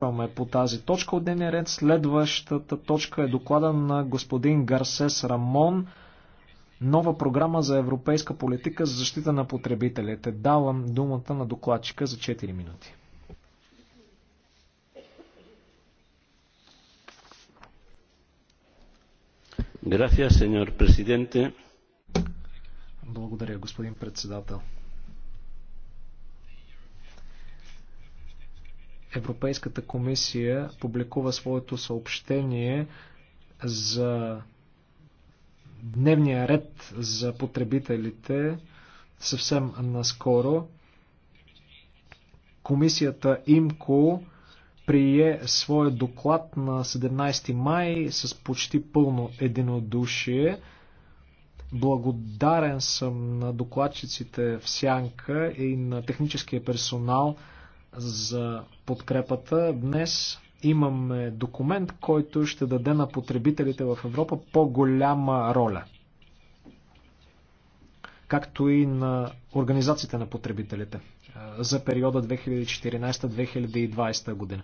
Продължаваме по тази точка от дневния ред. Следващата точка е доклада на господин Гарсес Рамон. Нова програма за европейска политика за защита на потребителите. Давам думата на докладчика за 4 минути. Благодаря, господин председател. Европейската комисия публикува своето съобщение за дневния ред за потребителите съвсем наскоро. Комисията ИМКО прие своя доклад на 17 май с почти пълно единодушие. Благодарен съм на докладчиците в Сянка и на техническия персонал – за подкрепата. Днес имаме документ, който ще даде на потребителите в Европа по-голяма роля. Както и на организациите на потребителите за периода 2014-2020 година.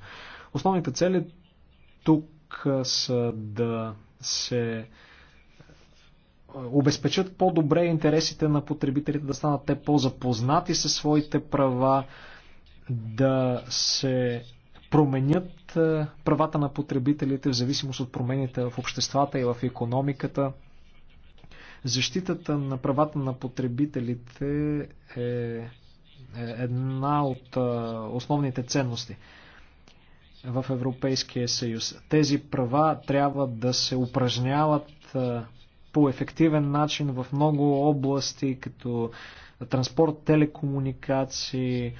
Основните цели тук са да се обезпечат по-добре интересите на потребителите, да станат те по-запознати със своите права, да се променят е, правата на потребителите в зависимост от промените в обществата и в економиката. Защитата на правата на потребителите е, е една от е, основните ценности в Европейския съюз. Тези права трябва да се упражняват по ефективен начин в много области, като транспорт, телекомуникации,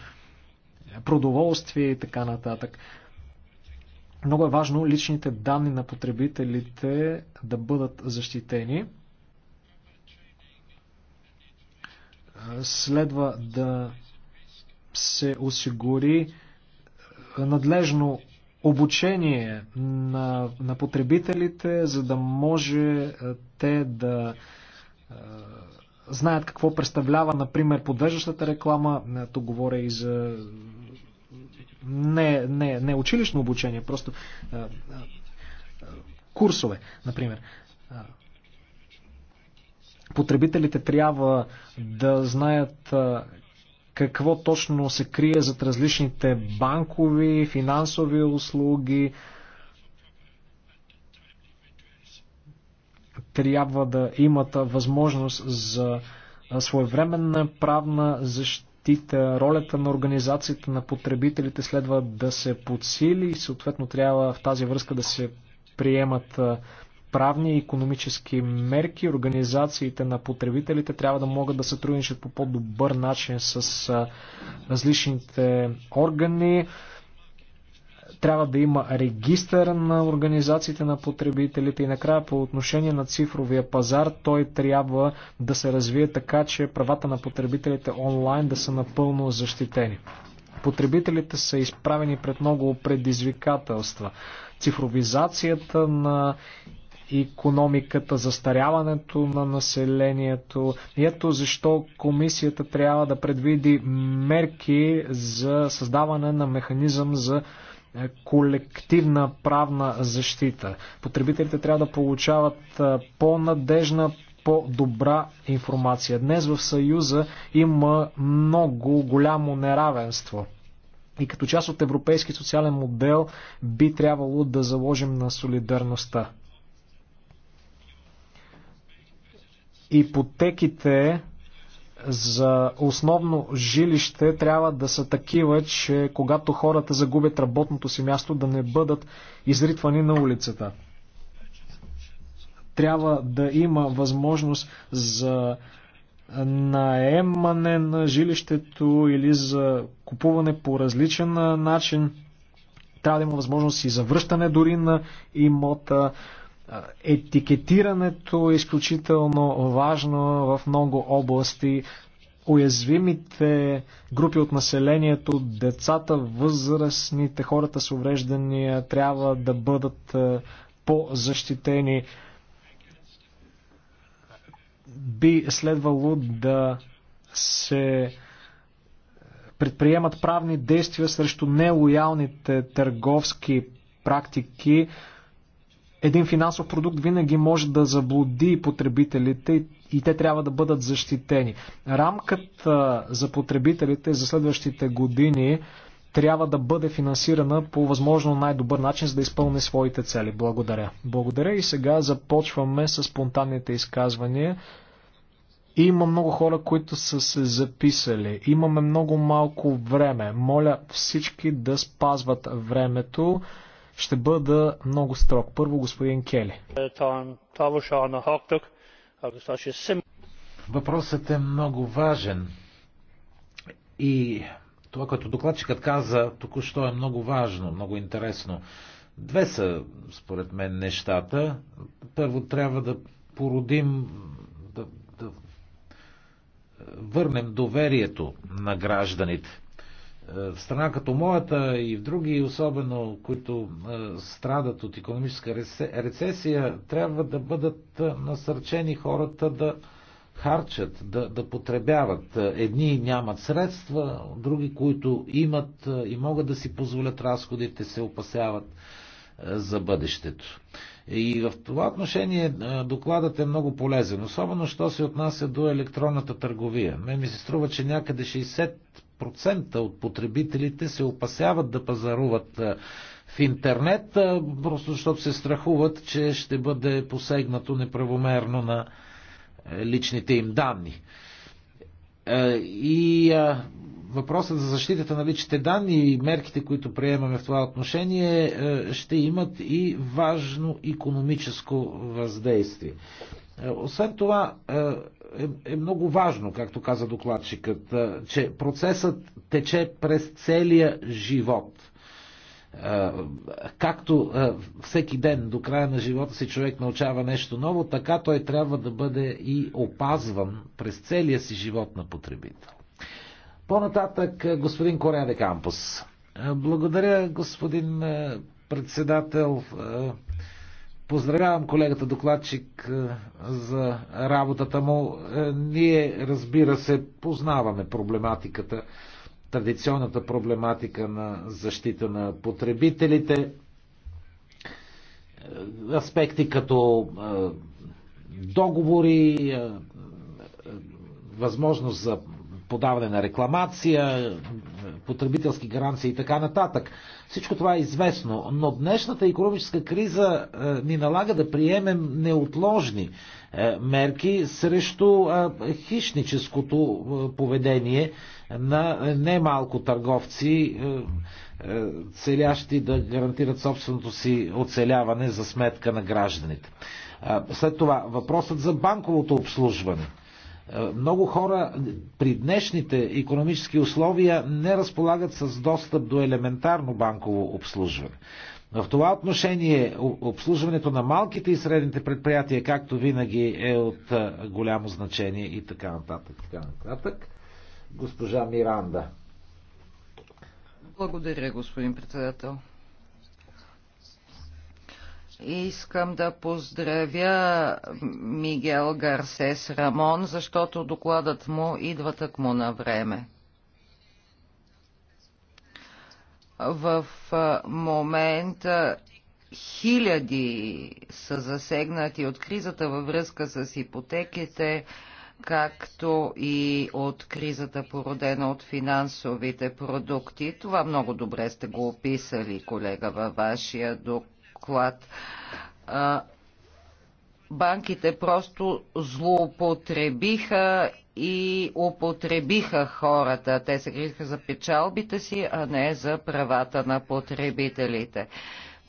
продоволствие и така нататък. Много е важно личните данни на потребителите да бъдат защитени. Следва да се осигури надлежно обучение на, на потребителите, за да може те да знаят какво представлява, например, подвеждащата реклама. Тук говоря и за не, не, не училищно обучение, просто а, а, курсове, например. Потребителите трябва да знаят а, какво точно се крие зад различните банкови, финансови услуги. Трябва да имат възможност за своевременна правна защита защита, ролята на организацията на потребителите следва да се подсили и съответно трябва в тази връзка да се приемат правни и економически мерки. Организациите на потребителите трябва да могат да сътрудничат по по-добър начин с различните органи. Трябва да има регистър на организациите на потребителите и накрая по отношение на цифровия пазар той трябва да се развие така, че правата на потребителите онлайн да са напълно защитени. Потребителите са изправени пред много предизвикателства. Цифровизацията на економиката, застаряването на населението. И ето защо комисията трябва да предвиди мерки за създаване на механизъм за е, колективна правна защита. Потребителите трябва да получават е, по-надежна, по-добра информация. Днес в Съюза има много голямо неравенство. И като част от европейски социален модел би трябвало да заложим на солидарността. Ипотеките за основно жилище трябва да са такива, че когато хората загубят работното си място, да не бъдат изритвани на улицата. Трябва да има възможност за наемане на жилището или за купуване по различен начин. Трябва да има възможност и за връщане дори на имота. Етикетирането е изключително важно в много области. Уязвимите групи от населението, децата, възрастните, хората с увреждания трябва да бъдат по-защитени. Би следвало да се предприемат правни действия срещу нелоялните търговски практики, един финансов продукт винаги може да заблуди потребителите и те трябва да бъдат защитени. Рамката за потребителите за следващите години трябва да бъде финансирана по възможно най-добър начин, за да изпълни своите цели. Благодаря. Благодаря и сега започваме с спонтанните изказвания. Има много хора, които са се записали. Имаме много малко време. Моля всички да спазват времето. Ще бъда много строг. Първо господин Кели. Въпросът е много важен. И това, което докладчикът каза, току-що е много важно, много интересно. Две са, според мен, нещата. Първо трябва да породим, да, да върнем доверието на гражданите. Е, в страна като моята и в други, особено които е, страдат от економическа рецесия, трябва да бъдат е, насърчени хората да харчат, да, да потребяват. Едни нямат средства, други, които имат и могат да си позволят разходите, се опасяват за бъдещето. И в това отношение докладът е много полезен, особено що се отнася до електронната търговия. Мен ми се струва, че някъде 60 40% от потребителите се опасяват да пазаруват е, в интернет, е, просто защото се страхуват, че ще бъде посегнато неправомерно на е, личните им данни. И въпросът за защитата на личните данни и мерките, които приемаме в това отношение, ще имат и важно економическо въздействие. Освен това, е, е много важно, както каза докладчикът, е, че процесът тече през целия живот. Е, както е, всеки ден до края на живота си човек научава нещо ново, така той трябва да бъде и опазван през целия си живот на потребител. По-нататък господин Корея де Кампус. Благодаря, господин председател. Поздравявам колегата докладчик е, за работата му. Е, ние, разбира се, познаваме проблематиката, традиционната проблематика на защита на потребителите. Е, аспекти като договори, възможност за подаване на рекламация, потребителски гаранции и така нататък. Всичко това е известно, но днешната економическа криза е, ни налага да приемем неотложни е, мерки срещу е, хищническото поведение на немалко търговци, целящи да гарантират собственото си оцеляване за сметка на гражданите. След това въпросът за банковото обслужване – е, много хора при днешните економически условия не разполагат с достъп до елементарно банково обслужване. В това отношение обслужването на малките и средните предприятия, както винаги, е от е, голямо значение и така нататък. Така нататък. Госпожа Миранда. Благодаря, господин председател. Искам да поздравя Мигел Гарсес Рамон, защото докладът му идва так му на време. В момента хиляди са засегнати от кризата във връзка с ипотеките, както и от кризата породена от финансовите продукти. Това много добре сте го описали, колега, във вашия доклад а, Банките просто злоупотребиха и употребиха хората. Те се гриха за печалбите си, а не за правата на потребителите.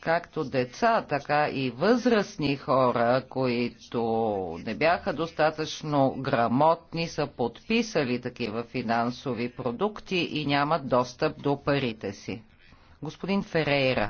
Както деца, така и възрастни хора, които не бяха достатъчно грамотни, са подписали такива финансови продукти и нямат достъп до парите си. Господин Ферейра.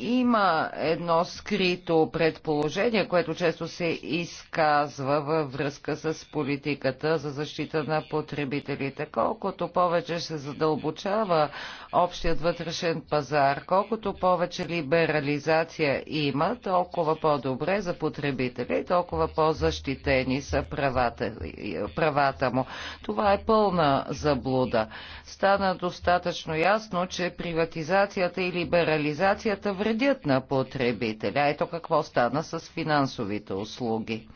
има едно скрито предположение, което често се изказва във връзка с политиката за защита на потребителите. Колкото повече се задълбочава общият вътрешен пазар, колкото повече либерализация има, толкова по-добре за потребителя и толкова по-защитени са правата, правата му. Това е пълна заблуда. Стана достатъчно ясно, че приватизацията и либерализацията вредят на потребителя. Ето какво стана с финансовите услуги.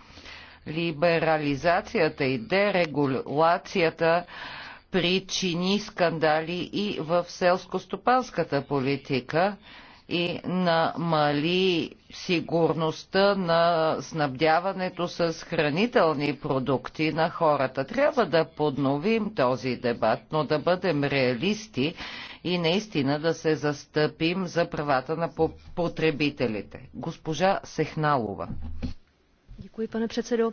Либерализацията и дерегулацията причини скандали и в селско-стопанската политика и намали сигурността на снабдяването с хранителни продукти на хората. Трябва да подновим този дебат, но да бъдем реалисти и наистина да се застъпим за правата на потребителите. Госпожа Сехналова. Děkuji, pane předsedo.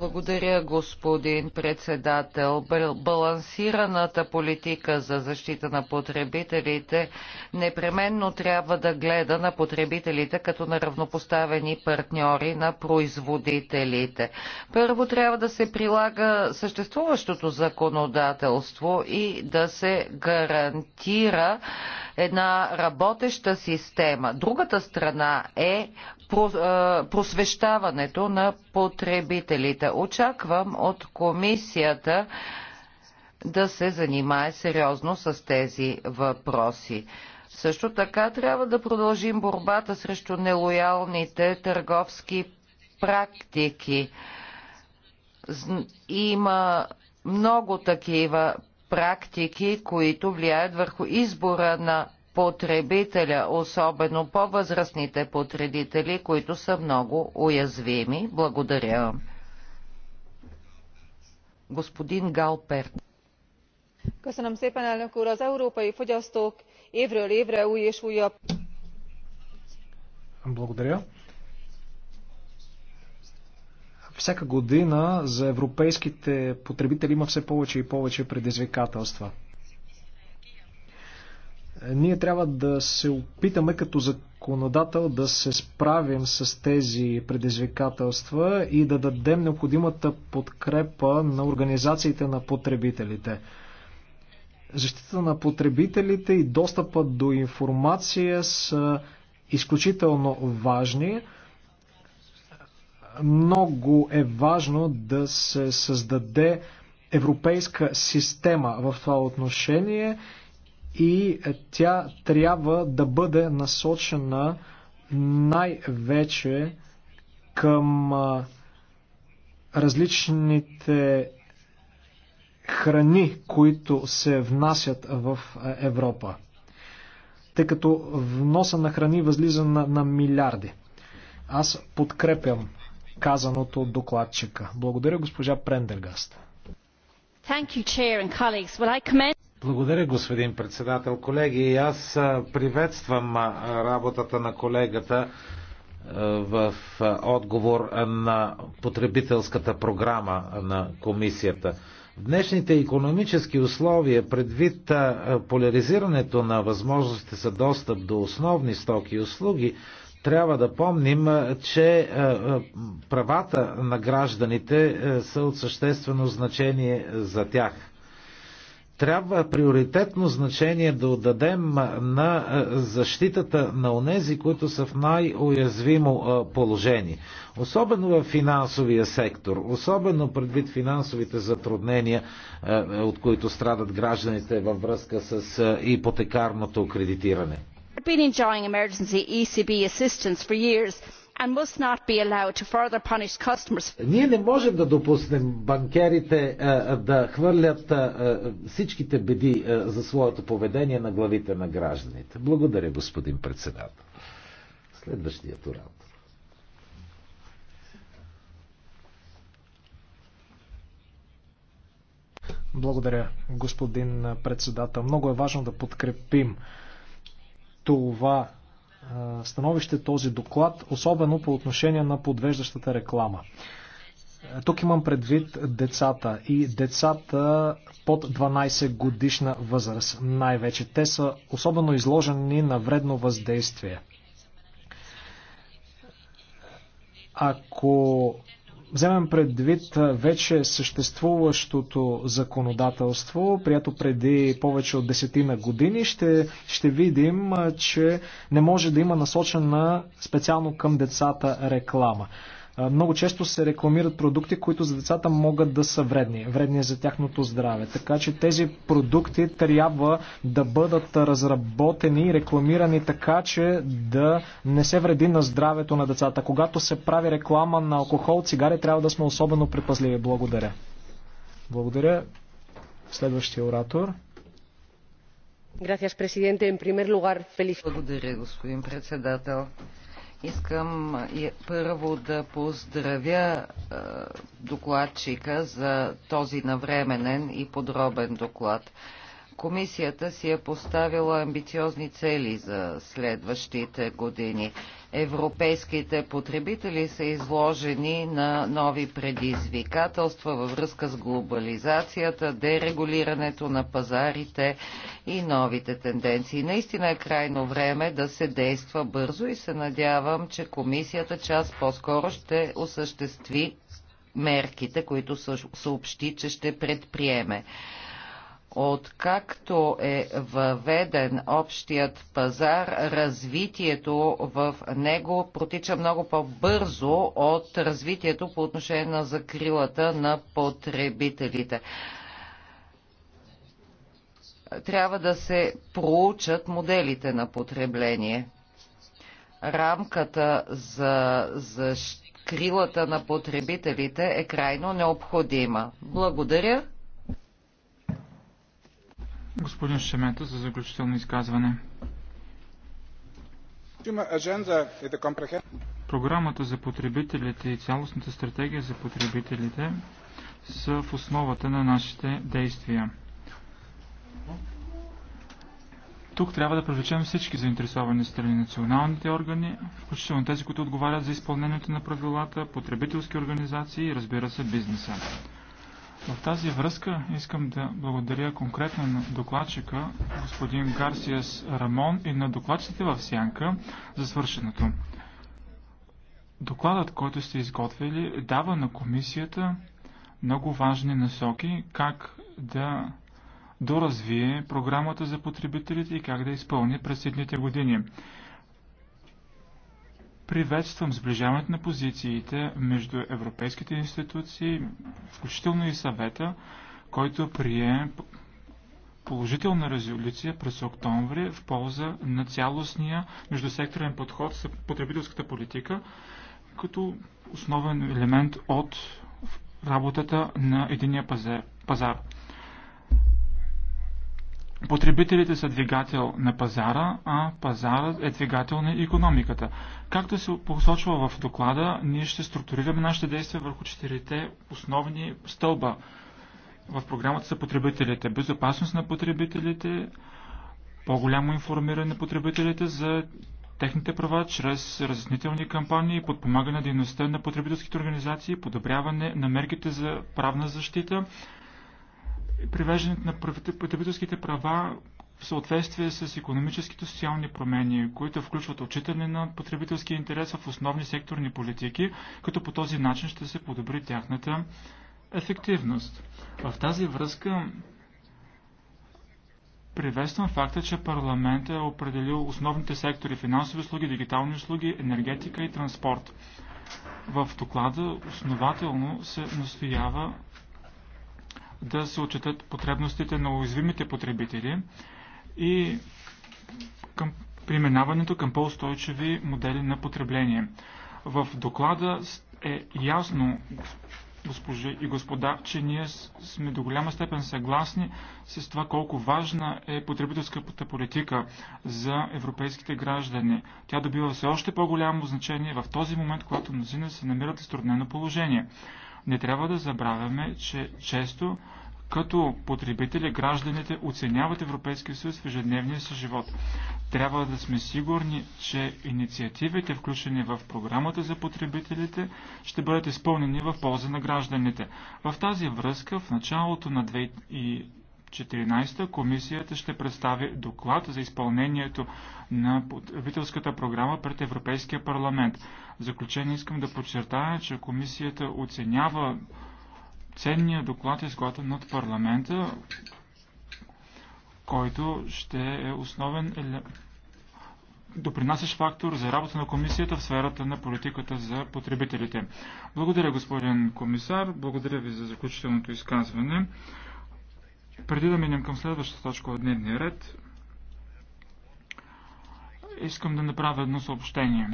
Благодаря, господин председател. Балансираната политика за защита на потребителите непременно трябва да гледа на потребителите като на равнопоставени партньори на производителите. Първо трябва да се прилага съществуващото законодателство и да се гарантира една работеща система. Другата страна е е, просвещаването на потребителите. Очаквам от комисията да се занимае сериозно с тези въпроси. Също така трябва да продължим борбата срещу нелоялните търговски практики. Има много такива практики, които влияят върху избора на потребителя, особено по-възрастните потребители, които са много уязвими. Благодаря. Господин Галперт. Köszönöm szépen, elnök úr! Az európai fogyasztók évről évre új és újabb... Благодаря. Всяка година за европейските потребители има все повече и повече предизвикателства. Ние трябва да се опитаме като законодател да се справим с тези предизвикателства и да дадем необходимата подкрепа на организациите на потребителите. Защита на потребителите и достъпа до информация са изключително важни. Много е важно да се създаде европейска система в това отношение и тя трябва да бъде насочена най-вече към различните храни, които се внасят в Европа. Тъй като вноса на храни възлиза на, на милиарди. Аз подкрепям казаното от докладчика. Благодаря госпожа Прендергаст. Thank you, Chair and colleagues. Well, I commend... Благодаря, господин председател. Колеги, аз приветствам работата на колегата в отговор на потребителската програма на комисията. В днешните економически условия, предвид поляризирането на възможностите за достъп до основни стоки и услуги, трябва да помним, че правата на гражданите са от съществено значение за тях трябва приоритетно значение да отдадем на защитата на онези, които са в най-уязвимо положение. Особено в финансовия сектор, особено предвид финансовите затруднения, от които страдат гражданите във връзка с ипотекарното кредитиране and must not be allowed to further punish customers. Ние не можем да допуснем банкерите е, да хвърлят е, е, всичките беди за своето поведение на главите на гражданите. Благодаря, господин председател. Следващият урал. Благодаря, господин председател. Много е важно да подкрепим това становище този доклад, особено по отношение на подвеждащата реклама. Е, тук имам предвид децата и децата под 12 годишна възраст. Най-вече те са особено изложени на вредно въздействие. Ако вземем предвид вече съществуващото законодателство, прието преди повече от десетина години, ще, ще видим, че не може да има насочена специално към децата реклама. Много често се рекламират продукти, които за децата могат да са вредни, вредни за тяхното здраве. Така че тези продукти трябва да бъдат разработени и рекламирани така, че да не се вреди на здравето на децата. Когато се прави реклама на алкохол, цигари, трябва да сме особено предпазливи. Благодаря. Благодаря. Следващия оратор. Благодаря, господин председател. Искам първо да поздравя е, докладчика за този навременен и подробен доклад. Комисията си е поставила амбициозни цели за следващите години. Европейските потребители са изложени на нови предизвикателства във връзка с глобализацията, дерегулирането на пазарите и новите тенденции. Наистина е крайно време да се действа бързо и се надявам, че комисията част по-скоро ще осъществи мерките, които съобщи, че ще предприеме. Откакто е въведен общият пазар, развитието в него протича много по-бързо от развитието по отношение на закрилата на потребителите трябва да се проучат моделите на потребление. Рамката за, за крилата на потребителите е крайно необходима. Благодаря. Господин Шемета за заключително изказване. Програмата за потребителите и цялостната стратегия за потребителите са в основата на нашите действия. Тук трябва да привлечем всички заинтересовани страни, националните органи, включително тези, които отговарят за изпълнението на правилата, потребителски организации и разбира се бизнеса. В тази връзка искам да благодаря конкретно на докладчика господин Гарсиас Рамон и на докладчите в Сянка за свършеното. Докладът, който сте изготвили, дава на комисията много важни насоки как да доразвие програмата за потребителите и как да изпълни през следните години. Приветствам сближаването на позициите между европейските институции, включително и съвета, който прие положителна резолюция през октомври в полза на цялостния междусекторен подход с потребителската политика, като основен елемент от работата на единия пазар. Потребителите са двигател на пазара, а пазарът е двигател на економиката. Както се посочва в доклада, ние ще структурираме нашите действия върху четирите основни стълба в програмата за потребителите. Безопасност на потребителите, по-голямо информиране на потребителите за техните права чрез разяснителни кампании, подпомагане на дейността на потребителските организации, подобряване на мерките за правна защита, привеждането на потребителските права в съответствие с економическите социални промени, които включват отчитане на потребителския интерес в основни секторни политики, като по този начин ще се подобри тяхната ефективност. В тази връзка приветствам факта, че парламент е определил основните сектори финансови услуги, дигитални услуги, енергетика и транспорт. В доклада основателно се настоява да се отчитат потребностите на уязвимите потребители и към преминаването към по-устойчиви модели на потребление. В доклада е ясно, госпожи и господа, че ние сме до голяма степен съгласни с това колко важна е потребителската политика за европейските граждани. Тя добива все още по-голямо значение в този момент, когато мнозина се намират в затруднено положение. Не трябва да забравяме, че често като потребители гражданите оценяват Европейския съюз в ежедневния си живот. Трябва да сме сигурни, че инициативите, включени в програмата за потребителите, ще бъдат изпълнени в полза на гражданите. В тази връзка в началото на 2014 комисията ще представи доклад за изпълнението на правителската програма пред Европейския парламент. В заключение искам да подчертая, че комисията оценява ценния доклад, изготвен от парламента, който ще е основен допринасящ фактор за работа на комисията в сферата на политиката за потребителите. Благодаря, господин комисар. Благодаря ви за заключителното изказване. Преди да минем към следващата точка от дневния ред, искам да направя едно съобщение.